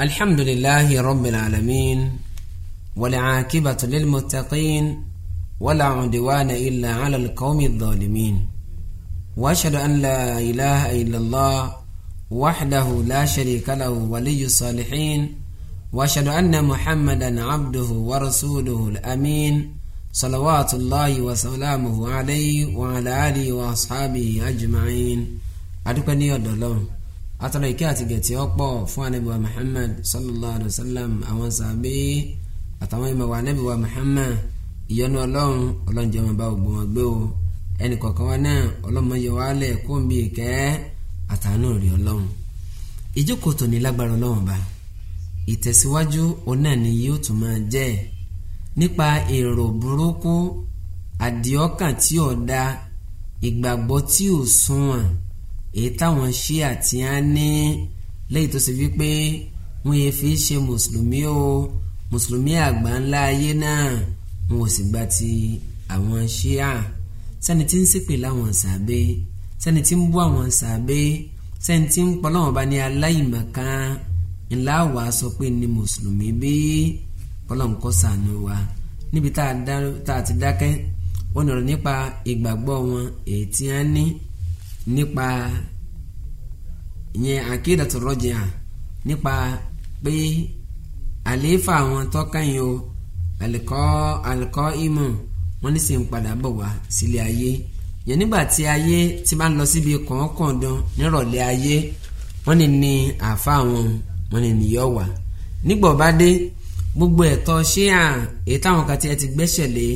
الحمد لله رب العالمين والعاقبة للمتقين ولا عدوان إلا على القوم الظالمين وأشهد أن لا إله إلا الله وحده لا شريك له ولي الصالحين وأشهد أن محمدا عبده ورسوله الأمين صلوات الله وسلامه عليه وعلى آله وأصحابه أجمعين أدوكني أدلون atọ́lọ́ ìkẹ́ àti gẹ̀tì ọ̀pọ̀ fún anabi wa muhammad sallallahu alayhi wa sallam àwọn sàbẹ́ àtàwọn ìmọ̀ wa muhammad ìyọ́nú ọlọ́run ọlọ́run jẹ́ wọn bá ògbó wọn gbé o ẹnì kọ̀ọ̀kan wa náà ọlọ́mọ yẹ wá lẹ̀ kó ń bí ìkẹ́ àtàánú rí ọlọ́run ìjókòó tòní lágbára ọlọ́run ọba ìtẹ̀síwájú òun ni yóò tún máa jẹ́ nípa èrò burúkú àdìọ́kàn tí ò da ìgbàgbọ́ tí ò sunwọ̀n èyí táwọn ṣíà tí a ní léyìí tó ṣe wípé wọn yẹ fi ṣe mùsùlùmí o mùsùlùmí àgbà ńlá ayé náà wọn ò sì gba ti àwọn ṣíà sẹ́ni tí ń ṣépè láwọn sàbẹ sẹ́ni tí ń bú àwọn sàbẹ sẹ́ni tí ń pọlọ́wọ́n bá ní aláìmọ̀kan ńlá wà á sọ pé ní mùsùlùmí bí pọlọ́wọ́n sànù wa níbi tá a ti dákẹ́ wọn nọ̀rọ̀ nípa ìgbàgbọ́ wọn èyí tí a ní nípa ìyẹn àkéèdàtò rọ́jìà nípa pé àlééfà àwọn tọ́kàyìn o àlìkọ́ àlìkọ́ ìmọ̀ wọ́n ní sì ń padà bọ̀ wá sílé ayé yẹn nígbà tí ayé ti máa ń lọ síbi kọ̀ọ̀kọ̀ọ̀dán nírọ̀lẹ́ ayé wọ́n ní ní àfa àwọn wọ́n ní níyọ̀ wá nígbà ọba dé gbogbo ẹ̀tọ́ ṣíà èyí táwọn kan ti ẹ ti gbẹ́sẹ̀ lé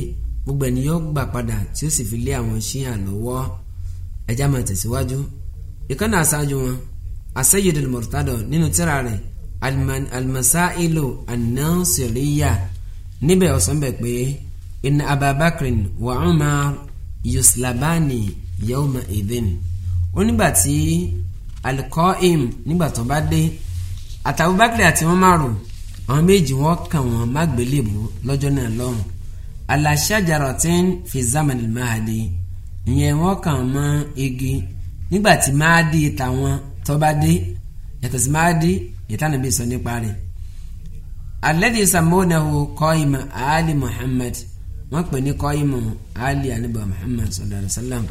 gbogbo ẹ̀nìyàn gbà padà tí ó sì fi lé àwọn ṣíà lọ́wọ́ ẹjá máa tẹ̀síwájú ìkànnì àṣáájú wọn asayid al-murtado nínú tírà rẹ̀ almasailu an-nasiriya níbẹ̀ ó sọ bẹ́ẹ̀ pé inna ababakrin wa umar yuslabani yawma idin ó nígbà tí alqaim nígbà tó bá dé àtàbùbákìrì àti umaru àwọn méjì wọn kàn wọn má gbélébùú lọ́jọ́ náà lọ́hùn aláṣájáratin fi zaman mahadi ìyẹn wọ́n kàn mọ́ igi nígbà tí máàdì tàwọn tọ́ba dé yàtọ̀ sí máàdì yàtànàbí sọ nípa rẹ̀ alẹ́dí sàmúnáwó kọ́ìmọ̀ ali muhammad wọ́n pè ní kọ́ìmọ̀ ali anabi muhammad sallallahu alayhi wa sallam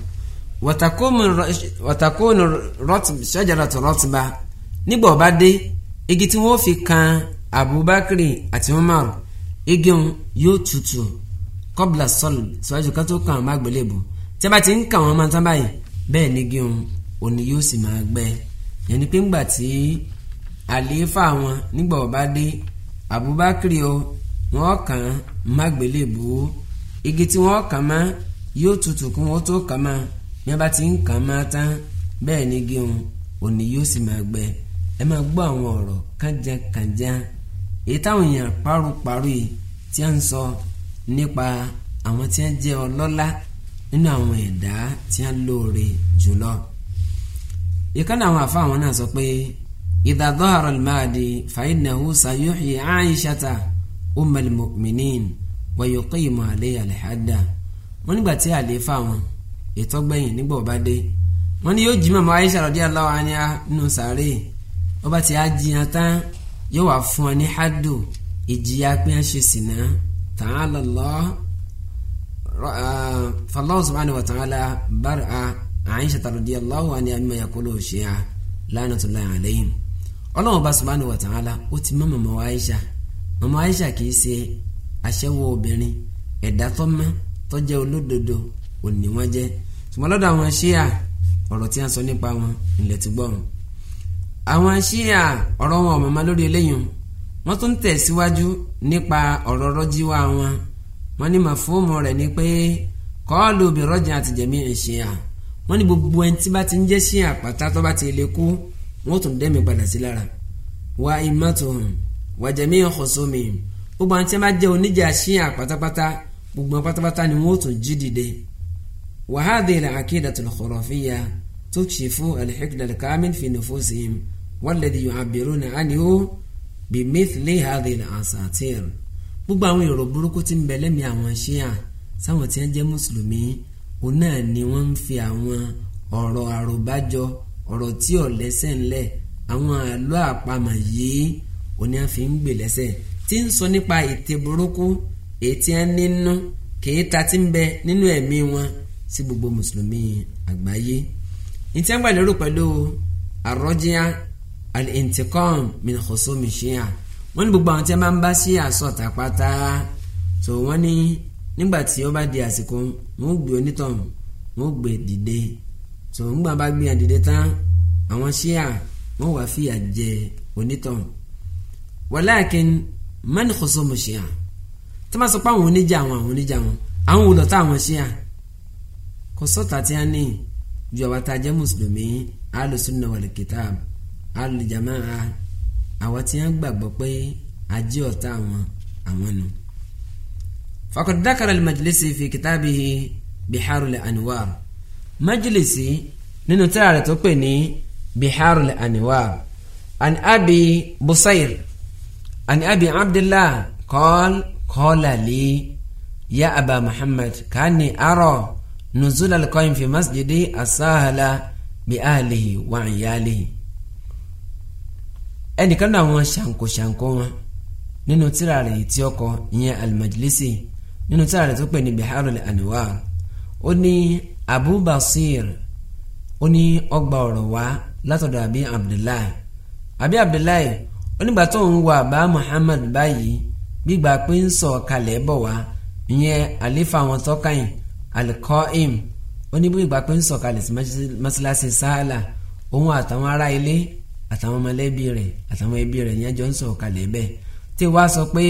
wàtàkùn ṣẹ́jàràtọ̀ rọ́tìbá nígbà ọba dé igi tí wọ́n fi kan abubakar àti umar igi yóò tutù kọ́bla sọ́ọ̀lù síwájú ká tó kàn án tí a bá ti ń kà wọ́n máa tán báyìí bẹ́ẹ̀ ni gíun òní yóò sì máa gbẹ yẹn ni pé ńgbà tí àlééfà wọn nígbà ọba dé Abubakari o wọn kàn mágbélébù igi tí wọn kàn má yóò tutù kí wọn tó kàn má ní a bá ti ń kàn má tán bẹ́ẹ̀ ni gíun òní yóò sì máa gbẹ ẹ máa gbọ́ àwọn ọ̀rọ̀ kànjankànjan èyí táwọn èèyàn paru paru yìí tí a ń sọ nípa àwọn tí a jẹ́ ọlọ́lá nínú àwọn ẹ̀dá tí a lóore jùlọ. ìkànnì àwọn àfa àwọn náà sọ pé idha dhahara al-mahdi fa innahu sayuhyi aishata ummal mu'minin wa yuqimu alayha al-hadda wọ́n nígbà tí àlééfà wọn ètò gbẹ̀yìn nígbà ọba dé wọ́n ní yóò jí màmá aisha radiyallahu anha nínú sàárè ọba tí a jiyàn tán yóò wà fún ọ ní hadu ìjìyà pé a ṣe sìnà ta'ala Allah فالله سبحانه وتعالى برأ عائشة رضي الله عنها مما يقوله الشيعة لعنة الله عليهم ọlọ́run ọba subhanahu wa ta'ala ó ti mọ mọ̀mọ́ wa aisha mọ̀mọ́ aisha kì í ṣe aṣẹ́wó obìnrin ẹ̀dá tó mọ́ tó jẹ́ olódodo òní wọ́n jẹ́ ṣùgbọ́n lọ́dọ̀ àwọn ṣíà ọ̀rọ̀ tí a sọ nípa wọn ilẹ̀ ti gbọ́ wọn. àwọn ṣíà ọ̀rọ̀ wọn ọ̀mọ̀mọ́ lórí eléyìí wọ́n tún tẹ̀síwájú nípa ọ̀rọ̀ rọ́jíwá wọn wọ́n ní màfúùmù rẹ̀ ni pé kọ́ọ̀lù bìrọ́jà àti jẹ̀mí ìṣìyà wọ́n ní gbogbo ẹni tí bá ti ń jẹ́ sí àpáta tó bá ti lè kú wọ́n tún dẹ́mi padà sí lára wa imatuhum wa jẹ̀mí ọ̀kọ̀sọ́mi gbogbo àwọn tí wọ́n bá jẹ́ oníjà sí àpátápátá gbogbo wọn pátápátá ni wọ́n tún jí dìde wa hadhihi al-aqidatul khurafiyya tukshifu al-hikd al-kamil fi nufusihim walladhi yu'abbiruna anhu bimithli hadhihi al-asatir gbogbo àwọn èrò burúkú tí ń bẹ lẹ́mìí àwọn ṣíà sáwọn tí wọ́n jẹ́ mùsùlùmí òun náà ni wọ́n ń fi àwọn ọ̀rọ̀ àròbájọ ọ̀rọ̀ tí ò lẹ́sẹ̀ ńlẹ̀ àwọn àlọ́ àpamọ̀ yìí òun ni wọ́n fi ń gbè lẹ́sẹ̀ tí ń sọ nípa ète burúkú ètí ẹ̀ nínú kìí ta tí ń bẹ nínú ẹ̀mí wọn sí gbogbo mùsùlùmí àgbáyé ìtí wọ́n gbà lérò pẹ̀lú àrọ́jíà al-intiqam min khusumi wọ́n ní gbogbo àwọn tí a máa ń bá sí àsọ̀tà pátá tó wọ́n ní nígbà tí ó bá di àsìkò wọ́n gbé onítọ̀hún wọ́n gbé dìde tó ńgbà bá gbé àdìde tán àwọn ṣíà wọ́n wàá fìyà jẹ onítọ̀hún wàláàkín mẹ́ni kòsó mo ṣíà tí wọ́n sọ pé àwọn oníjà àwọn àwọn oníjà wọn àwọn olùtọ́ àwọn ṣíà kòsọ́tà tí a ní ju àwọn tá a jẹ́ mùsùlùmí alùsùn náà wal kitab alùjàmáà àwọn tí wọ́n gbàgbọ́ pé ajé ọ̀tá àwọn àwọn nù. faqad dhakara al-Majlisi fi kitabihi Biharul Anwar Majlisi nínú tírà rẹ̀ tó pè ní Biharul Anwar an abi Busayr an abi Abdillah qal qala li ya aba Muhammad kani ara nuzul al fi masjidi asahla bi ahlihi wa iyalihi ẹnìkan náà àwọn ṣàǹkóṣàǹkó wọn nínú tíra rẹ̀ tí ó kọ ìyẹn al-Majlisi nínú tíra rẹ̀ tó pè ní Biharul Anwar ó ní Abu Basir ó ní ọgbà ọ̀rọ̀ wá látọ̀dọ̀ àbí Abdullahi àbí Abdullahi onígbà tó ń wọ àbá Muhammad báyìí gbígbà pé ń sọ kalẹ̀ bọ̀ wá ìyẹn àlefa àwọn tọ́kàyìn alikọ́im onígbà pé ń sọ kalẹ̀ sí mọ́sálásí sáálà òun àtàwọn ará ilé àtàwọn mọ̀lẹ́bí rẹ̀ àtàwọn ẹbí rẹ̀ yẹn jọ ń sọ̀rọ̀ kalẹ̀ bẹ́ẹ̀ tí wàá sọ pé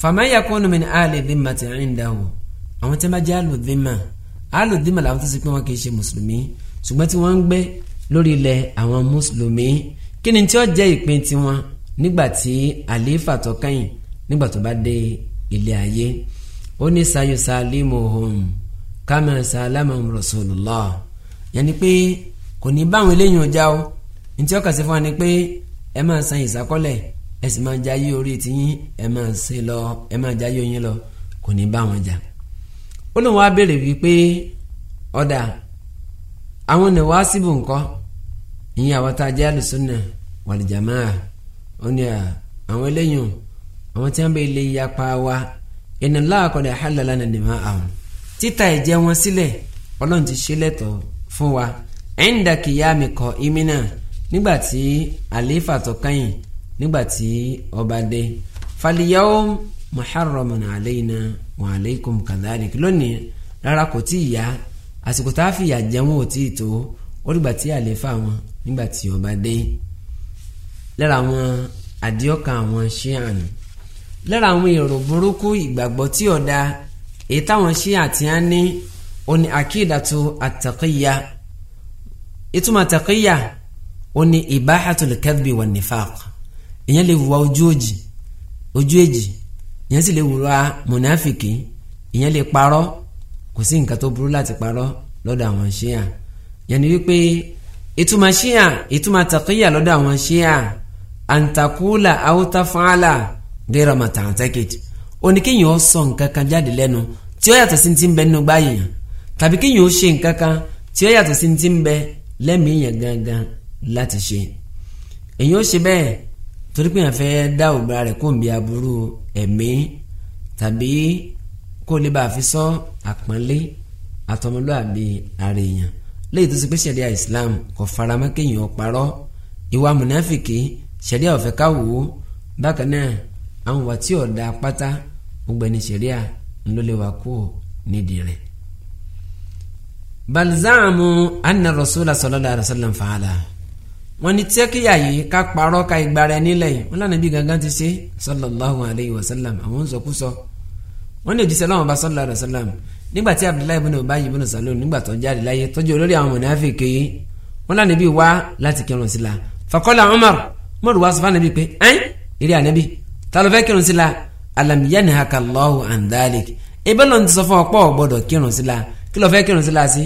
fàmáyà kọ́nù mi ní àlè dìmà ti rìn dà o àwọn tí wọ́n bá jẹ́ àlòdìmà àlòdìmà làwọn tó ṣe pé wọ́n kì í ṣe mùsùlùmí ṣùgbọ́n tí wọ́n ń gbé lórí ilẹ̀ àwọn mùsùlùmí kí ni tí ó jẹ́ ìpín tiwọn nígbà tí àlééfà tó kẹ́yìn nígbà tó bá dé ilé ayé ó ní sayo salimu hom kama salamu rasulullah yẹn ni pé kò ní báwọn eléyìí ọjà o ntí ọkà sí fún wa ni pé ẹ máa san ìsákọ́lẹ̀ ẹ sì máa jayé orí tiyín ẹ máa ṣe lọ ẹ máa jayé oyin lọ kò ní bá wọn jà ó lóun wá béèrè wípé ọ̀dà àwọn ni wàá síbò ńkọ́ ìyẹn àwọn tá a jẹ́ àlùsùnà wàlìjàmáà ó ní àwọn eléyìí àwọn tí wọ́n bẹ ilé yapa wa ìnà láàkọ̀dẹ̀ àhàlàlà nà ní máa àwọn títa ẹ̀jẹ̀ wọn sílẹ̀ ọlọ́run ti ṣe lẹ́tọ̀ọ́ fún wa ẹ̀ ń dàkìyà mi kọ́ ìmínà nígbàtí àlééfà tó kẹ́yìn nígbàtí ọba dé fàlìyàwó muharramun alayna wa alaykum kadhalik lónìí rárá kò tí ya yá àsìkò tá a fi yà jẹun ò tí ì tó ó dìgbà tí àlééfà wọn nígbà tí ọba dé lára àwọn àdíọ́kà àwọn ṣíàánù lára àwọn èrò burúkú ìgbàgbọ́ tí ọ̀dà èyí táwọn ṣíà ti á ní oní àkídàtú àtàkìyà ìtumọ̀ àtàkìyà ó ní ibahatul kadhbi wan nifaq ìyẹn lè wùwà ojú òjì ojú èjì ìyẹn sì lè wùwà mùnàfìkì ìyẹn lè parọ́ kò sí nǹkan tó burú láti parọ́ lọ́dọ̀ àwọn ṣíà yẹn ni wípé ìtumọ̀ ṣíà ìtumọ̀ taqiyya lọ́dọ̀ àwọn ṣíà àǹtakùlà àwòtafàlà gẹ́rọ màtàǹtẹ́kìtì oníkéyìn ó sọ nǹkan kan jáde lẹ́nu tí ó yàtọ̀ sí ti ń bẹ nínú gbáyìí tàbí kéyìn ó ṣe nǹkan kan tí ó yàtọ̀ sí ti ń bẹ lẹ́mìí yàn gangan láti ṣe èyí ó ṣe bẹ́ẹ̀ torí pé èèyàn fẹ́ dá òmìnira rẹ̀ kó ń bi aburú ẹ̀mí tàbí kó lè bá a fi sọ àpọ́nlé àtọmọlúàbí ara èèyàn léyìí tó ṣe pé ṣẹ̀ríà Islam kò faramọ́ kéèyàn parọ́ ìwà mùnáfìkì ṣẹ̀ríà ọ̀fẹ́ ká wò ó bákan náà àwọn wà tí ọ̀dà pátá gbogbo ẹni ṣẹ̀ríà ló lè wà kú nídìí rẹ̀. balzaamu anna rasulallah sallallahu alaihi wa sallam fa'ala wọ́n ní tẹ́kíyà yìí ká parọ́ ka ìgbára ẹni lẹ́yìn wọ́n lànà bí gangan ti ṣe sallallahu alayhi wa sallam àwọn sọkúsọ wọ́n ní òjíṣẹ́ láwọn bá sallallahu alayhi wa sallam nígbà tí abdullahi ibn Ubayy ibn Salul nígbà tó ń jáde láyé tọ́jú olórí àwọn mọ̀nàfíkì wọ́n lànà bí wá láti kírun sí la faqala Umar Umar wá sọ fánàbí pé ẹ́n eré ànábì ta ló fẹ́ kírun sí la alam yanhaka Allahu an dhalik ebe lọ́n ti sọ fún ọ̀pọ̀ gbọ́dọ̀ kírun sí la kí ló fẹ́ kírun sí la sí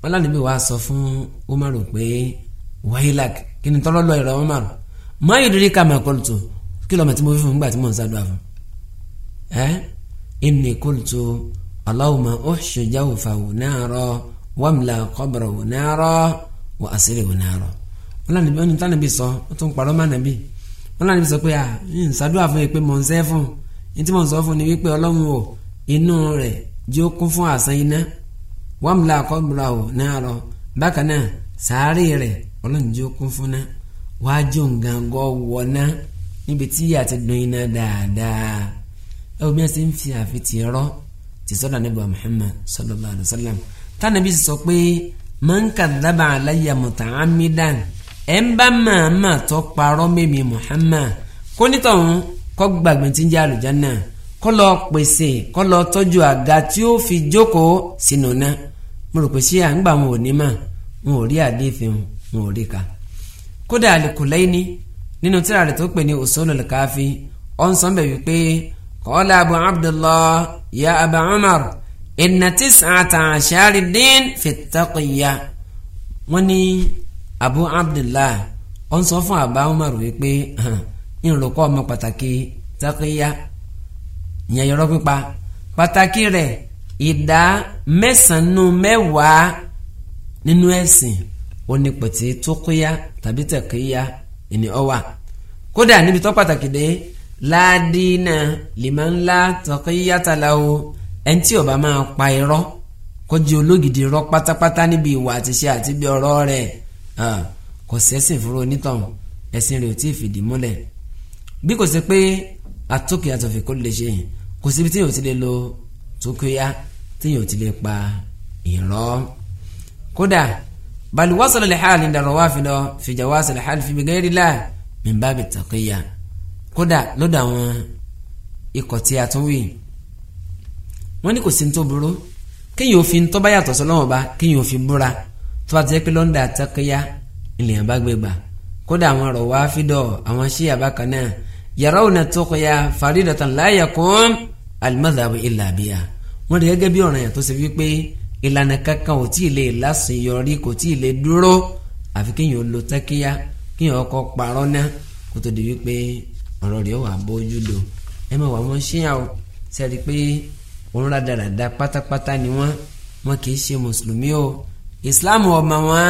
wọ́n lànà wá sọ fún Umar pé wayilak kí ni tọ́lọ́ lọ ìrọ̀ wọn márùn máa yìí rírí kàmá kóòtù kí lọ́mọ tí mo fi fún nígbà tí mò ń sàdúrà fún ẹ́ inni kóòtù Allahumma uhshu jawfahu nara wamla qabrahu nara wa asrihu nara wọn lànà bí wọn tánà bí sọ wọn tún parọ́ mánà bí wọn lànà bí sọ pé ń sàdúrà fún yìí pé mò ń sẹ́ fún ní tí mò ń sọ fún ni wípé Ọlọ́run o ọlọ́run jẹ́ okun fún ná wàá jẹ́ òǹgàngọ́ wọ̀ ná níbi tí yíyà ti dùn iná dáadáa ẹ omi ẹ ti ń fi àfi tì ẹrọ ti sọ́dọ̀ nígbà Muhammad sallallahu alaihi wasallam tánàbí sọ pé man kadhaba alayya muta'ammidan ẹ̀ ń bá màmá tó parọ́ mímí Muhammad kó nítọ̀hún kọ́ gbàgbé tí ń jẹ́ àlùjánnà kọ́ lọ pèsè kọ́ lọ tọ́jú àga tí ó fi jókòó sínú náà mo rò pé ṣé à ń gbà wọn ò ní mà wọn ò rí àdéhìí wọn ò rí ka kódà Al-Kulaini nínú tírà rẹ̀ tó pè ní Usulul Kafi ọ̀n sọ bẹ̀ wípé qala Abu Abdullah ya Aba Umar inna tis'ata ashari din fi taqiyya wọ́n ní Abu Abdullah ọ̀n sọ fún Aba Umar wípé ìrùkọ́ ọmọ pàtàkì taqiyya ìyẹn pípa pàtàkì rẹ̀ ìdá mẹ́sàn-án mẹ́wàá nínú ẹ̀sìn ó ní pẹ̀tẹ́ tókíyá tàbí tẹ̀kíyá ẹni ọ wà kódà níbi tó pàtàkì dé ládínà lèmọ́nlá tọkíyá tala o ẹni tí ó bá máa pa irọ́ kó jẹ́ ológìdì irọ́ pátápátá níbi ìwà àtiṣe àti bí ọ̀rọ̀ rẹ̀ kò sẹ́sìn fúnra onítọ̀hún ẹ̀sìn rẹ̀ ò tí ì fìdí múlẹ̀ bí kò sí pé àtúkì àtọ̀fẹ̀ kó lè ṣe kò síbi tí yóò ti lè lo tókíyá tí yóò ti lè pa irọ́ kódà bal wasala lihal inda rawafida fi jawaz lihal fi bigayri la min babi taqiya kódà lọ́dọ̀ àwọn ikọ̀ tí a tún wí wọ́n ní kò sí tó burú kéèyàn òfin tó bá yàtọ̀ sọlọ́wọ́n ba kéèyàn òfin búra tó bá ti jẹ́ pé lọ́ndà taqiya ilẹ̀ yẹn bá gbé gbà kódà àwọn rawafida àwọn ṣíyà bákan náà yarawna tuqiya faridatan la yakun al madhhabu illa biha wọ́n rí gẹ́gẹ́ bí ọ̀ràn yẹn tó ṣe wípé ìlànà kankan ò tí ì lè láṣeyọrí kò tí ì lè dúró àfi kéèyàn lo tẹ́kíyá kéèyàn ọkọ̀ parọ́ náà kó tó di wípé ọ̀rọ̀ rẹ̀ wà bójú lò ẹ má wà wọ́n ṣíyàn o sẹ́ni pé òun rádaràda pátápátá ni wọ́n wọn kì í ṣe mùsùlùmí o ìsìláàmù ọmọ wọn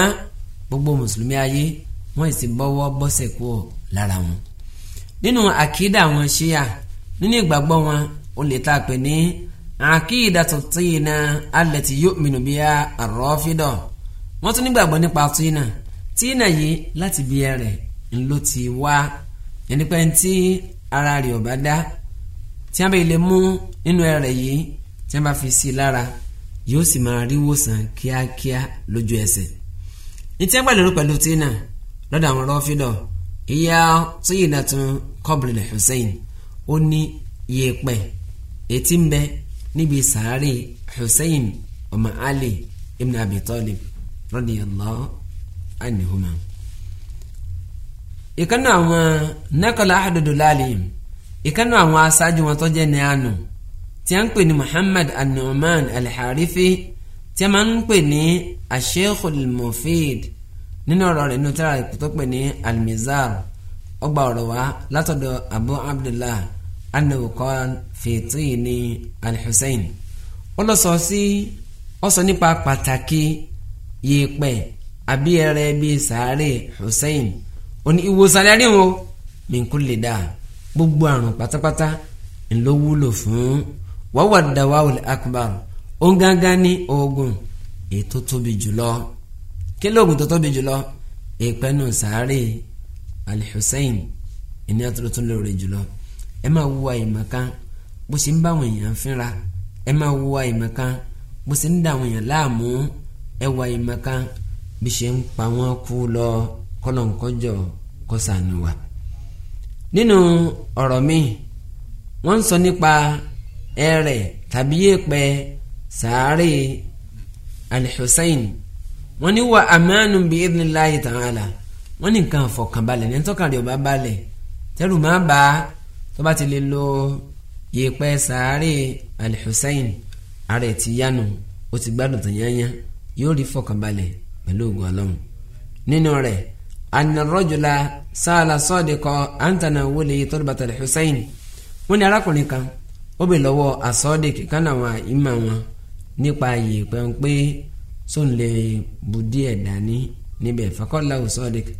gbogbo mùsùlùmí ayé wọn sì bọ́wọ́ bọ́sẹ̀ kú ọ lára wọn. nínú àkídà wọn ṣíyà nínú ìgbàgbọ́ wọn ó tá a pè ní àkìdàtò tìǹà alẹ̀ tí yóò mìnú bí a àrọ́fídọ̀ wọ́n tún nígbàgbọ́ nípa tìǹà tìǹà yìí láti bí ẹrẹ̀ ńlọ ti wá ẹnipẹ́ tí ara rẹ̀ ọ̀bá dá tí a bá ilé mú nínú ẹrẹ̀ yìí tí a bá fi sí i lára yóò sì máa rí wòsàn kíákíá lójú ẹsẹ̀ ní tí a gbà lérò pẹ̀lú tìǹà lọ́dọ̀ àwọn rọ́fídọ̀ ìyá tìǹà tún kọ́bìrì Hussein ó níbi sàárè Hussein ọmọ Ali ibn Abi Talib radiyallahu anihuma. ìkànnì àwọn nẹ́kọ̀lá àdùdùláàlì ìkànnì àwọn aṣáájú wọn tó jẹ́ ní àná tí a ń pè ní Muhammad an-Nu'man al-Harifi tí a máa ń pè ní Asheikhul Mufid nínú ọ̀rọ̀ rẹ̀ nínú tíra ìpè tó pè ní al ọgbà ọ̀rọ̀ wa látọ̀dọ̀ Abu Abdullah anahu qala fi tini al-Husayn ó lọ sọ sí ó sọ nípa pàtàkì yèèpẹ̀ àbí ẹrẹ bíi sàárè Husayn òní ìwòsàn lẹ́rìn o min kulli da gbogbo àrùn pátápátá ńlọ wúlò fún wàwà dawawul akbar ó ní oògùn ètò tóbi jùlọ kí lóògùn tó tóbi jùlọ ìpẹ́nu sàárè al-Husayn ìní àtúntò tó lóore jùlọ ẹ máa wo àìmọ̀ kan bó ṣe ń bá àwọn èèyàn fínra ẹ máa wo àìmọ̀ kan bó ṣe ń da àwọn èèyàn láàmú ẹ wo àìmọ̀ kan bí ṣe ń pa wọ́n kú lọ kọ́lọ̀ńkọ́jọ kọ́sàánú wa. nínú ọ̀rọ̀ mi wọ́n ń sọ nípa ẹrẹ̀ tàbí yẹ̀pẹ̀ sàárè Al-Hussein wọ́n ní wà amánu bí idhnillahi ta'ala wọ́n ní nǹkan àfọkànbalẹ̀ ní ẹni ọba balẹ̀ tẹ́rù má bàa tó bá ti lè lo yèèpẹ̀ sàárè Al-Hussein ààrẹ ti yánu ó ti gbádùn tán yányá yóò rí fọkànbalẹ̀ pẹ̀lú ògùn Ọlọ́run nínú rẹ̀ anarọ́jùlá sáàlà sọ́ọ̀dẹ̀kọ antana wọlé tọ́lùbàtà Al-Hussein wọ́n ní arákùnrin kan ó bè lọ́wọ́ asọ́ọ̀dẹ̀kì kan náà ìmọ̀ wọn nípa yèèpẹ̀ ń pé sóun lè bu díẹ̀ dání níbẹ̀ fakọ́lá òsọ́ọ̀dẹ̀kì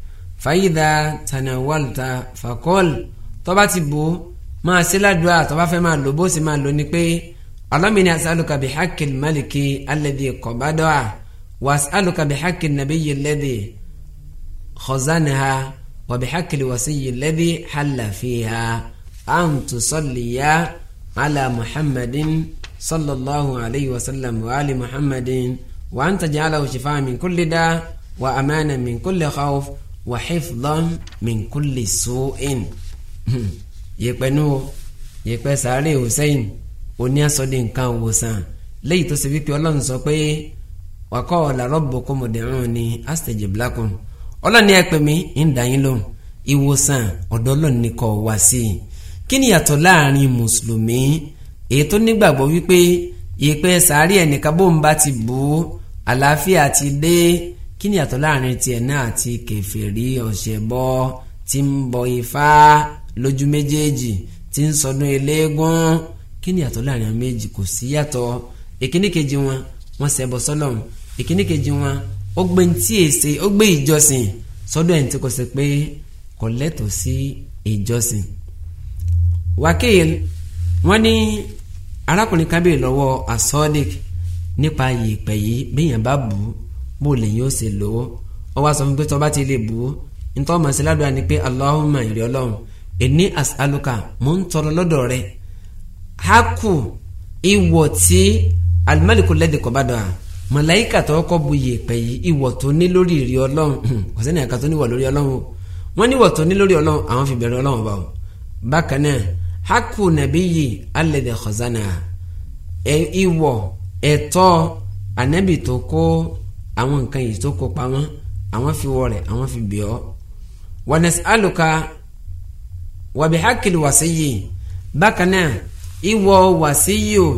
fàyídà tanawalta fakọ́lá tó bá ti bò ó máa ṣe ládùúgbà tó bá fẹ́ máa lò bó sì máa lò ní pé ọlọ́mìnira as'aluka bi haqqil maliki alladhi qabadaha wa as'aluka bi haqqin nabiyyi alladhi khazanaha wa bi haqqil wasiyyi alladhi halla fiha an tusalliya ala muhammadin sallallahu alayhi wa sallam wa ali muhammadin wa an taj'alahu shifaa min kulli da wa amana min kulli khawf wa hifdan min kulli su'in yẹpẹ náà yẹpẹ sàárè hussein oní asọ́dẹ nǹkan òwòsàn lẹ́yìn tó ṣe wípé ọlọ́run sọ pé wàkọ́ làrọ́bù kọ́mọdéhùn ni astajib lakum ọlọ́ni ẹ pè mí ń dá yín lóhùn ìwòsàn ọ̀dọ̀ ọlọ́run ni kò wá sí i kí ni yàtọ̀ láàrin mùsùlùmí èyí tó nígbàgbọ́ wípé ìpè sàárì ẹnìkan bó ń bá ti bù ú àlàáfíà ti dé kí ni yàtọ̀ láàrin tiẹ̀ náà àti kèfèrí ọ̀ṣẹ̀bọ lójú méjèèjì tí ń sọdún eléégún kí ni yàtọ̀ láàrin àwọn méjì kò sí yàtọ̀ èkíní kejì wọn wọn ṣẹbọ sọ́lọ́run èkíní kejì wọn ó gbé ntí èsè ó gbé ìjọsìn sọ́dọ̀ ẹ̀ tí kò ṣe pé kò lẹ́tọ̀ọ́ sí ìjọsìn. wákìl wọn ní arákùnrin kábíyè lọ́wọ́ asọ́dík nípa yìípẹ̀ yìí bíyàn bá bù ú bó lẹ́yìn ó ṣe lò ó ó wá sọ fún pé tó bá ti lè bù ú ntọ́ màsí ládùúgbò ni pé Allahumma ìrẹ́ ọlọ́run ẹni as'aluka mò ń tọrọ lọ́dọ̀ rẹ haku ìwọ tí alimaliku lẹ́dí kọ́ bá dọ̀ à màláíkà tó kọ́ bu yèèpẹ̀ yìí ìwọ tó ní lórí ìrì ọlọ́run hmm, kò sẹ́ni àka tó níwọ̀ lórí ọlọ́run o wọ́n níwọ̀ tó ní lórí ọlọ́run àwọn fi bẹ̀rẹ̀ bá o bákan náà haku nàbí yìí alẹ́dẹ̀ kọ̀zánà ìwọ ẹ̀tọ́ ànábì tó kó àwọn nǹkan yìí tó kó pamọ́ àwọn fi wọ àwọn fi bẹ̀ ọ́ wọnẹ̀sì alùka wàbí hákìlì wàsíyì bákan náà ìwọ wàsíyì o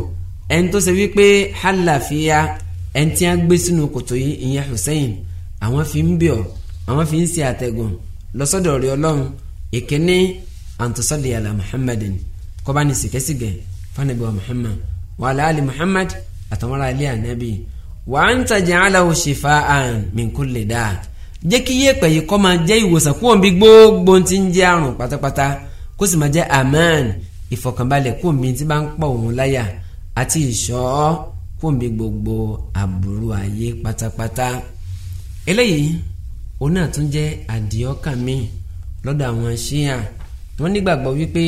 ẹni tó ṣe wípé hàlàfíà ẹni tí a gbé sínú kòtò yìí ìyẹn Hussein àwọn fi ń bíọ àwọn fi ń ṣe àtẹ̀gùn lọ́sọ̀dọ̀ rẹ̀ ọlọ́run ìkíní àǹtọ́sọ́lẹ̀ àlà Muhammadin kọ́ba ní sìkẹ́sìgẹ̀ fanabi wa Muhammad wàhálà àlè Muhammad àtàwọn ará ilé ànábì wà á ń tajà aláwo ṣèfà àn min kulli dáa jẹ́ kí yé pẹ̀yì kọ́ máa jẹ́ ìwòsàn kúrò bí gbogbo ti ń jẹ́ àrùn pátápátá kó sì máa jẹ́ aman ìfọ̀kànbalẹ̀ kó mi tí bá ń pọ̀ òun láyà àti ìṣọ́ kó mi gbogbo àbúrò ayé pátápátá eléyìí òun náà tún jẹ́ àdìọ́kà mi lọ́dọ̀ àwọn ṣíà wọ́n nígbàgbọ́ wípé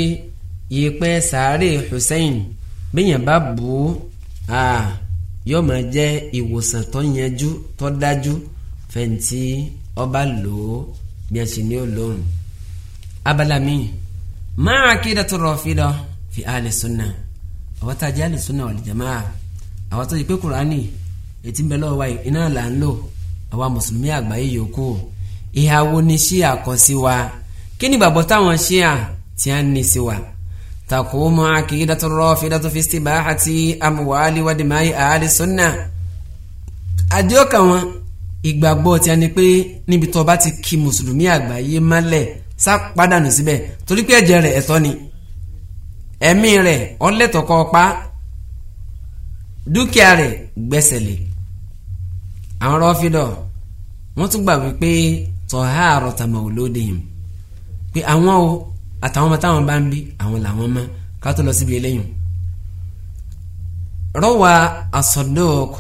yèèpẹ̀ sàárè Hussein bẹ́yàn bá bù ú yóò máa jẹ́ ìwòsàn tó yanjú tó dájú fẹ̀ǹtì ọba lò ó bí a ṣe ní ó abala míì máa akídàtu rọ̀fídà fi ahli sunna àwọn tá a jẹ́ ahli sunna wal jamaa àwọn tó yẹ pé kùránì ètí ń bẹ lọ́wọ́ wáyé iná là ń lò àwa mùsùlùmí àgbáyé yòókù ìhà wo ni ṣíà kọ sí wa kí ni bàbọ̀ táwọn ṣíà tí a ń ní sí wa takumu akidatu rọfidatu fi istibahati amuwaali wadimai ahli sunna àdéhùn kan wọn ìgbàgbọ́ tí a ní pé níbi tó bá ti kí mùsùlùmí àgbáyé mọ́lẹ̀ sá padànù síbẹ̀ torí pé ẹ̀jẹ̀ rẹ̀ ẹ̀tọ́ ni ẹ̀mí rẹ̀ ọ̀lẹ́tọ̀kọ́ pa dúkìá rẹ̀ gbẹ́sẹ̀lé àwọn rọ́fídọ̀ wọ́n tún gbà wípé tọ́há àrọ̀tàmọ̀ òlóde yìí pé àwọn o àtàwọn ọmọ táwọn bá ń bí àwọn làwọn mọ ká tó lọ síbi eléyìí rọwà asọdọk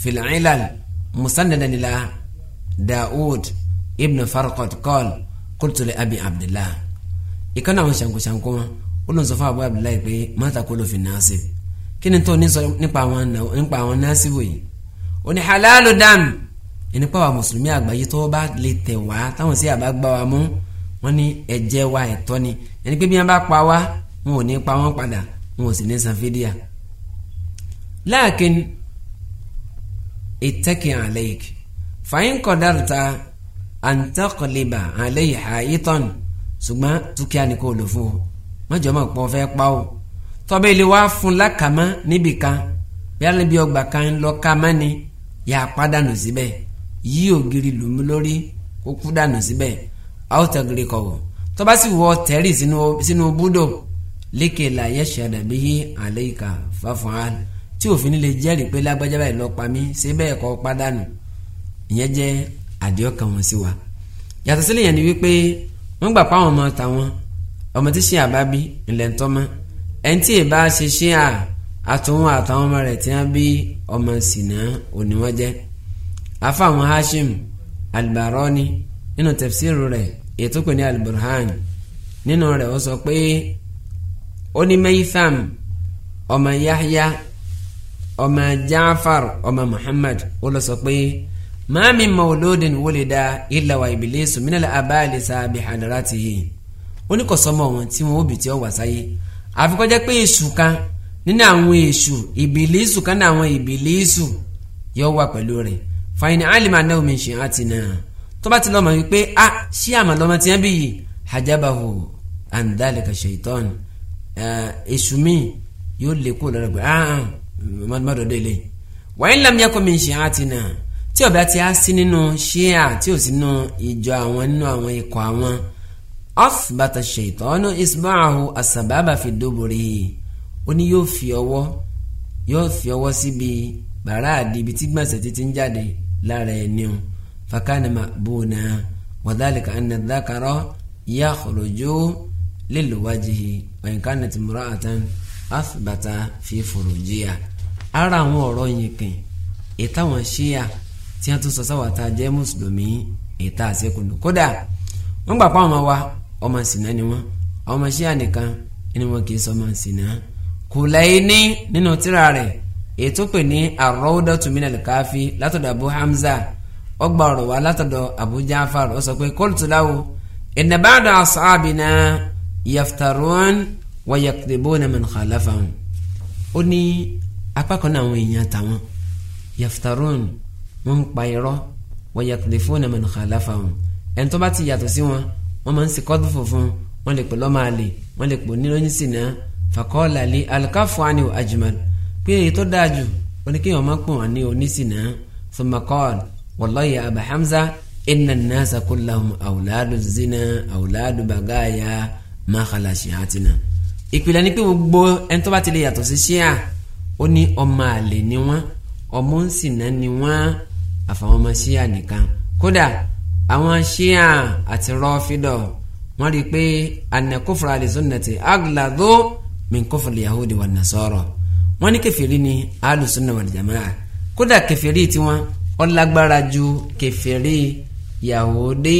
filẹ̀ẹ́lá musanadanila daoud ibn farqad kọ́ọ̀lù qultu abi abdullah ìkànnì àwọn ṣàǹkóṣàǹkó wọn ó lọ sọ fún abu pé mata qulu fi nasib kí ni tó ní sọ nípa àwọn nípa àwọn nasibu yìí ó ní halalu dam ẹni pàwọn mùsùlùmí àgbáyé tó bá lè tẹ̀ wá táwọn sí àbá gbá wa mú wọn ní ẹ̀jẹ̀ wa ẹ̀tọ́ ni ẹni pé bí wọn bá pa wá wọn ò ní pa wọn padà wọn ò sì ní san fídíà láàkín ìtẹ́kìn àlẹ́yìk fàyín kọ̀dárta àǹtàkọ̀lébà àlẹ́yìn àyítọ́n ṣùgbọ́n dúkìá ni kò lò fún o mọ́jọ́ mọ̀ pọ́n fẹ́ pa o tọ́bẹ̀ ilé wa fún lákàmọ́ níbì kan bí alẹ́ bí ọgbà kan lọ kàmọ́ ni yà á pàdánù síbẹ̀ yí ògiri lùmí lórí kó kú dànù síbẹ̀ àwòtẹ́gìrì kọ̀wọ̀ tọ́ba sì wọ tẹ́rì sínú búdò lékè làyẹ̀ ṣàdàbí àlẹ́ ìka fàfọ́n á tí òfin lè jẹ́rìí pé lágbájá báyìí lọ́ọ́ pa mí síbẹ̀ kọ́ pàdánù ìyẹn jẹ́ àdéhùn kan wọn sí wa yàtọ̀ sílẹ̀ yẹn ni wípé wọ́n gbà pa àwọn ọmọ tàwọn ọmọ tí ṣe àbá bí ńlẹ̀ ńtọ́mọ́ ẹni tí ìbá ṣe ṣe à àtúnwọ̀n àtàwọn ọmọ rẹ̀ tí wọ́n bí ọmọ sìnà òníwọ́n jẹ́ afa àwọn Hashim Al-Barani nínú tafsiru rẹ̀ ètò pè ní Al-Burhan nínú rẹ̀ ó sọ pé ó ọmọ Yahya ọmọ Jaafar ọmọ Muhammad ó lọ sọ pé ma min mawludin wulida illa wa iblisu min al-aba'i lisaabi hadaratihi ó ní kò sọ́mọ wọn tí wọn ó bì tí ó wà sáyé àfi kó jẹ́ pé èṣù kan nínú àwọn èṣù ìbìlísù kan náà àwọn ìbìlísù yóò wà pẹ̀lú rẹ̀ fàyìn alima náà min shi'atina tó bá ti lọ́mọ wípé a ṣí àmà lọ́mọ tí wọ́n bí yìí hajabahu an dhalika èṣù míì yóò lè kó lọ́rọ̀ pé ah mọ́tò mọ́tò délé wa in lam yakun min tí ọba ti á sí nínú ṣíà tí ò sí nínú ìjọ àwọn nínú àwọn ikọ̀ àwọn ọ̀fìbàtà ṣètọ́nù isbáàhù àsàbàbà fi dóbòrè ó ní yóò fi ọwọ́ yóò fi ọwọ́ síbi bàrá àdì ibi tí gbọ̀nsẹ̀ títí ń jáde lára ẹni o fakana ma'buna wadhalika anna dhakara yakhruju lilwajhi wa in kanat imra'atan athbata fi furujiha ara àwọn ọ̀rọ̀ yìnkìn ìtàwọn ṣíà tí wọ́n tún sọ sáwà tá a jẹ́ mùsùlùmí ètà àṣekùnú kódà wọ́n gbà pa ọmọ wa ọmọ sìnà ni wọ́n ọmọ ṣíà nìkan ni wọ́n kì í sọ ọmọ sìnà Kulaini nínú tírà rẹ̀ ètò pè ní ar-Rawdatu minal Kafi Abu Hamza ọgbà ọ̀rọ̀ wa látọ̀dọ̀ Abu Ja'far ó sọ pé qultu lahu inna ba'da ashabina yaftarun wa yakdibuna man khalafahum ó ní apá kan náà àwọn èèyàn àtàwọn yaftarun wọ́n ń pa irọ́ wa yakdhifuna man khalafahum ẹni tó bá ti yàtọ̀ sí wọn wọ́n máa ń ṣe kọ́dù fòfun wọ́n lè pè lọ́mọ àlè wọ́n lè pè oníròyìn sínà faqala li al-kaffu ani ajmal pé èyí tó dáa jù oníkéèyàn máa pọ̀ wọn ní onísìnà thumma qala wallahi ya Aba Hamza inna an-nasa kullahum awladu zina awladu bagaya ma khala shihatina ìpìlẹ̀ ni pé gbogbo ẹni tó bá ti lè yàtọ̀ sí ṣíà àfàwọn ọmọ ṣíà nìkan kódà àwọn ṣíà àti rọ́fídọ̀ wọ́n rí i pé anna kufra alìsúnnàtì aglado min kufra yahudi wà nasara wọ́n ní kẹfìrí ni alùsúnnà wal jamaa kódà kẹfìrí tiwọn ó ju kẹfìrí yahudi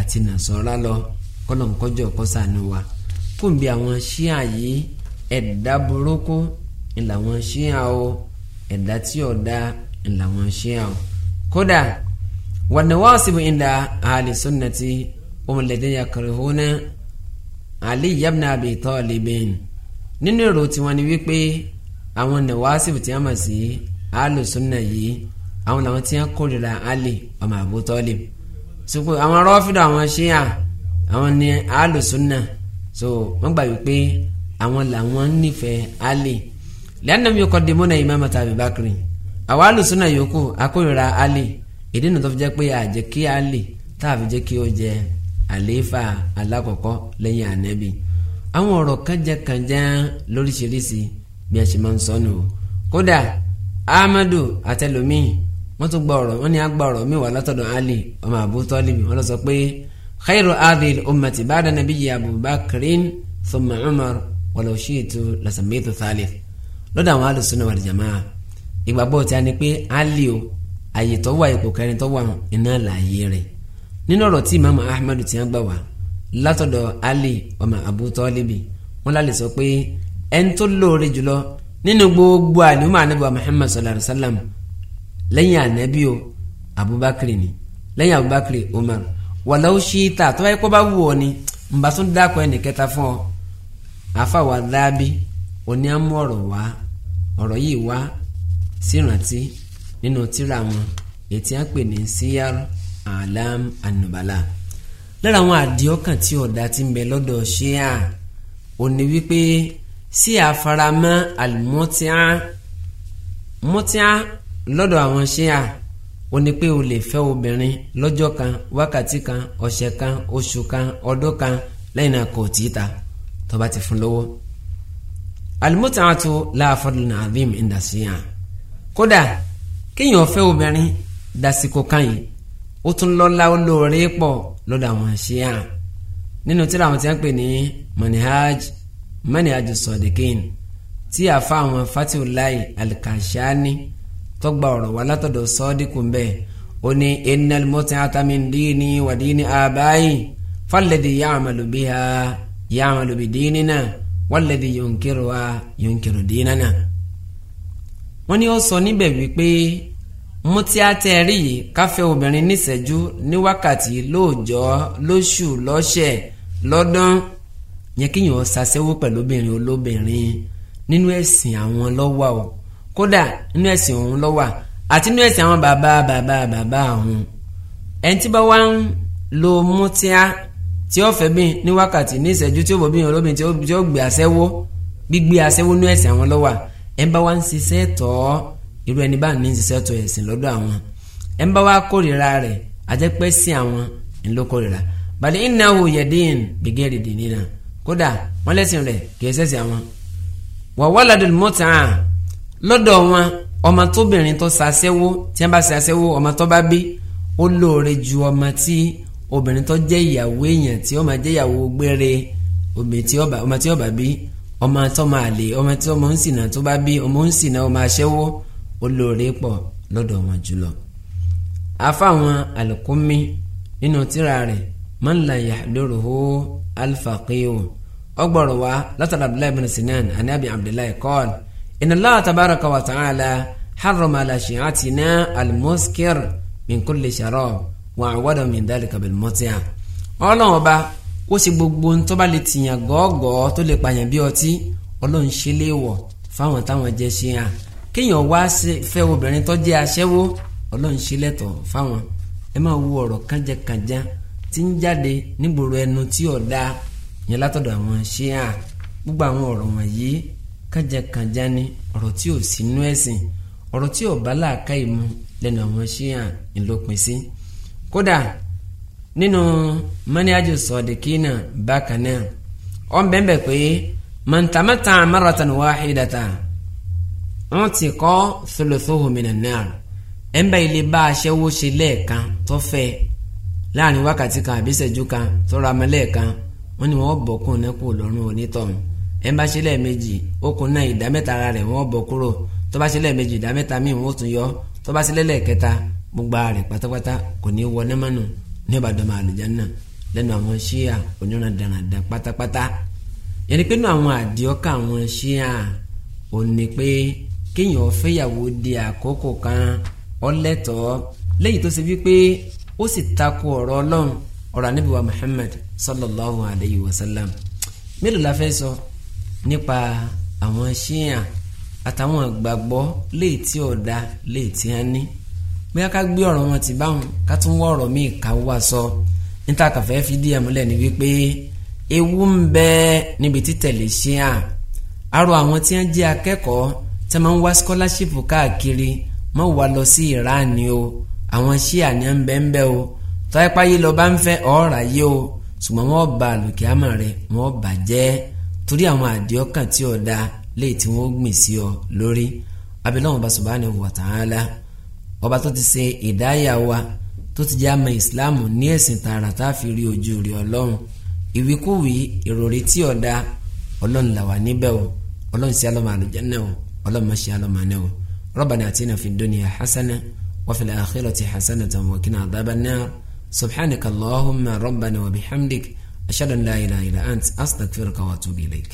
àti nasara lọ kọlọ̀nkọjọ́ kọsànù wa kùnbi àwọn ṣíà yìí ẹ̀dá burúkú ńlá wọn ṣíà o ẹ̀dá tí ọ̀dá ńlá wọn ṣíà o kódà wànàwọ́sibù ìlà ahli sunnati ọmọlẹ́dẹ́ yakrihuna Ali ibn Abi Talib nínú èrò tiwọn ni wípé àwọn nàwọ́sibù tí a mọ̀ sí ahli sunna yìí àwọn làwọn tí wọn kórìíra Ali ọmọ Abu Talib sùpò àwọn rọ́fìdà àwọn ṣíà àwọn ni ahli sunna so wọ́n gbà wípé àwọn làwọn nífẹ̀ẹ́ Ali lẹ́nu mi kọ́ dèmọ́nà imamata Abi Bakri àwa alùsùnà yòókù akórira Ali ìdí nu tó fi jẹ́ pé àjẹ́ kí Ali tá a fi jẹ́ kí ó jẹ àlééfà alákọ̀ọ́kọ́ lẹ́yìn ànẹ́bí àwọn ọ̀rọ̀ kànjẹ́kànjẹ́ lóríṣiríṣi bí a ṣe máa ń sọ nù o kódà Ahmadu àtẹlómi wọ́n tún gba ọ̀rọ̀ wọ́n ní agba ọ̀rọ̀ míì wá látọ̀dọ̀ Ali ọmọ Abu Talib wọ́n lọ sọ pé khairu adil ummati ba'da nabiyyi Abubakrin thumma Umar walau shi'tu lasammitu thalith lọ́dọ̀ àwọn alùsùnà wal jamaa ìgbàgbọ́ tí a ní pé ali o àyè tó wà ipò kẹrin tó wà iná láàyè rẹ̀ nínú ọ̀rọ̀ tí imaamu ahmadu ti ń gbà wá látọ̀dọ̀ ali ọmọ abu tọ́líbi wọn lálẹ́ sọ pé ẹni tó lóore jùlọ nínú gbogbo àlùmọ́ anábìwá muhammad sallallahu alayhi wa sallam lẹ́yìn ànábì o abubakar ni lẹ́yìn abubakar umar wàlá ó ṣí ta tó wáyé kó bá wù ọ ni nbà tún dákọ̀ ẹnì kẹta fún ọ àfàwà dábì òní ọ̀rọ̀ wá ọ̀rọ̀ yìí wá sírántí nínú tírà wọn ètí à ń pè ní siyar alam anubala lára àwọn àdìọ́kàn tí ọ̀dà ti ń bẹ lọ́dọ̀ ṣíà ò ní wípé sí àfaramọ́ àlùmọ́tíà mọ́tíà lọ́dọ̀ àwọn ṣíà ò ní pé o lè fẹ́ obìnrin lọ́jọ́ kan wákàtí kan ọ̀sẹ̀ kan oṣù kan ọdún kan lẹ́yìn náà kò tí ta tó ti fún lọ́wọ́ àlùmọ́tíà tó láàfọ́dún àdìm ìdá ṣíà kódà kéèyàn fẹ́ obìnrin dasìkò kan yìí ó tún lọ́lá olóore pọ̀ lọ́dọ̀ àwọn àṣeyà nínú tíra àwọn tí wọ́n pè ní manihaj manihaj sọ̀dẹ̀kìn tí àfa àwọn fatihulayi alikashani tọgbà ọ̀rọ̀ wá látọ̀dọ̀ sọ́ọ́dínkù bẹ́ẹ̀ ó ní enal mọ́tì atamindi ní wàdíní abayi falẹ̀dì yàmàlú bíhá yàmàlú wàlẹ̀dì yòǹkìrò wa dínínà wọ́n ní ó sọ níbẹ̀ wípé mú tí a tẹ́ rí yìí káfẹ́ obìnrin níṣẹ́jú ní wákàtí lóòjọ́ lóṣù lọ́sẹ̀ lọ́dún yẹn kíyàn ó ṣàṣẹ́wó pẹ̀lú obìnrin olóbìnrin nínú ẹ̀sìn àwọn lọ́wà o kódà nínú ẹ̀sìn òun lọ́wà àti nínú ẹ̀sìn àwọn bàbá bàbá bàbá àwọn ẹni tí bá wá ń lo mú tí a tí ó fẹ́ bí ní wákàtí ní tí ó bọ̀ bí olóbìnrin tí ó gbé aṣẹ́wó gbígbé aṣẹ́wó nínú ẹ̀sìn àwọn lọ́wà ẹ ń bá wa ń ṣiṣẹ́ tọ́ irú ẹni bá ní ṣiṣẹ́ tọ́ ẹ̀sìn lọ́dọ̀ àwọn ẹ wa kórìíra rẹ̀ àjẹpẹ́ sí àwọn ńlọ kórìíra bàdé ìnáwó yẹ̀dín gbẹgẹ́rì dì nínà kódà wọ́n lẹ́sìn rẹ̀ kìí ṣẹ̀ṣẹ̀ àwọn. wàwọ́ ladùn mọ́tà lọ́dọ̀ wọn ọmọ tóbìnrin tó ṣàṣẹ́wó tí wọ́n bá ṣàṣẹ́wó ọmọ tó bá bí ó lóore ju ọmọ tí obìnrin tó jẹ́ ìyàwó èèyàn tí ó jẹ́ ìyàwó gbére obìnrin tí ọba bí ọmọ tọmọ àlè ọmọ tí ọmọ ń sìnà tó bá bí ọmọ ń sìnà ọmọ aṣẹ́wó olóore pọ̀ lọ́dọ̀ wọn jùlọ. afáwọn alùkùnmí nínú tíra rẹ̀ mọ́nlàyà lóruhu alfaqihu ọgbọ̀rọ̀ wa látara abdullahi bin sinan àní abi abdullahi kọ́ọ̀lù inna Allaha tabaraka wa ta'ala harrama ala shi'atina almuskir min kulli sharab wa awada min dhalika bil kó sì gbogbo ń tó bá lè tìyàn gọ́ọ̀gọ́ tó lè pààyàn bí ọtí ọlọ́run ṣe lé wọ̀ fáwọn táwọn jẹ́ ṣe hàn kéèyàn wá fẹ́ obìnrin tó jẹ́ aṣẹ́wó ọlọ́run ṣe lẹ́tọ̀ọ́ fáwọn ẹ máa wo ọ̀rọ̀ kánjẹkànjá tí ń jáde nígboro ẹnu tí ọ̀dà yẹn látọ̀dọ̀ àwọn ṣe hàn gbogbo àwọn ọ̀rọ̀ wọ̀nyí kánjẹkànjá ni ọ̀rọ̀ tí ò sínú ẹ̀sìn ọ̀rọ̀ tí ò bá làákàyè mu lẹ́nu àwọn ṣe hàn ńlọpin sí kódà nínú mọ́níyájú sọ̀dìkínà bákan náà ọ̀n bẹ́ẹ̀ pé mọ̀ntàmọ́tà márọ̀tàn wáhídàtà wọ́n ti kọ́ thuluthuhu minan nar ẹ̀ ń bá ilé bá aṣẹ́wó ṣe lẹ́ẹ̀kan tó fẹ́ láàrin wákàtí kan àbí ṣẹ́jú kan tó ra ọmọ lẹ́ẹ̀kan wọ́n ní wọ́n bọ̀ kún náà kú lọ́rùn onítọ̀hún ẹ̀ ń bá ṣe lẹ́ẹ̀mejì okùn náà ìdá mẹ́ta ara rẹ̀ wọ́n bọ̀ kúrò tó bá ṣe lẹ́ẹ̀mejì ìdá míì wọ́n tún yọ tó bá ṣe lẹ́ẹ̀kẹta gbogbo ààrẹ pátápátá kò ní wọ náà ní ọba dọ́mọ àlùjáná lẹ́nu àwọn ṣíà oníran dáradá pátápátá yẹn ni pé nínú àwọn àdìọ́kà àwọn ṣíà ò ní pé kéèyàn fẹ́yàwó di àkókò kan ọlẹ́tọ̀ọ́ lẹ́yìn tó ṣe wípé ó sì takò ọ̀rọ̀ ọlọ́run ọ̀rọ̀ anábìwá Muhammad sallallahu alayhi wa sallam mélòó la fẹ́ sọ nípa àwọn ṣíà àtàwọn àgbàgbọ́ léètí ọ̀dà léètí á ní bóyá ká gbé ọ̀rọ̀ wọn ti báwọn ká tún wọ ọ̀rọ̀ míì ká wá sọ níta kàfẹ́ fi díẹ̀ múlẹ̀ ni wípé ewu ń bẹ níbi títẹ̀lé ṣíà arọ àwọn tí wọ́n jẹ́ akẹ́kọ̀ọ́ tí wọ́n wá scholarship káàkiri mọ́ wá lọ sí ìránì o àwọn ṣíà ní ń bẹ ń bẹ o tọ́yẹ́pá yìí lọ bá ń fẹ́ ọ̀ọ́rà yìí o ṣùgbọ́n wọ́n ba àlòkè àmà rẹ̀ wọ́n bàjẹ́ torí àwọn àdìọ́kàn tí ọ̀dà léè tí wọ́n gbìn sí ọ lórí abilọ́wọ̀n bá subhanahu wa ta'ala ọba tó ti ṣe ìdáyà wa tó ti jẹ́ àmọ́ ìsìláàmù ní ẹ̀sìn tààrà tá a fi rí ojú rí ọlọ́run ìwíkúwí ìròrí tí ọ̀dà ọlọ́run làwà níbẹ̀ o ọlọ́run sí alọ́mọ àlùjánnà o ọlọ́run má ṣe alọ́mọ àná o rabbana atina fid dunya hasana wa fil akhirati hasanatan wa qina adhaban subhanaka allahumma rabbana wa bihamdik ashhadu la ilaha illa ant astaghfiruka wa atubu ilayk